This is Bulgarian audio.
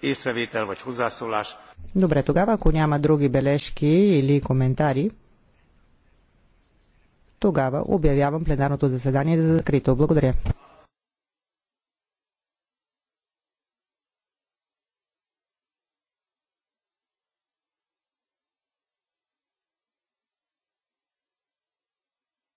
позиция. Добре, тогава ако няма други бележки или коментари, тогава обявявам пленарното заседание за закрито. Благодаря.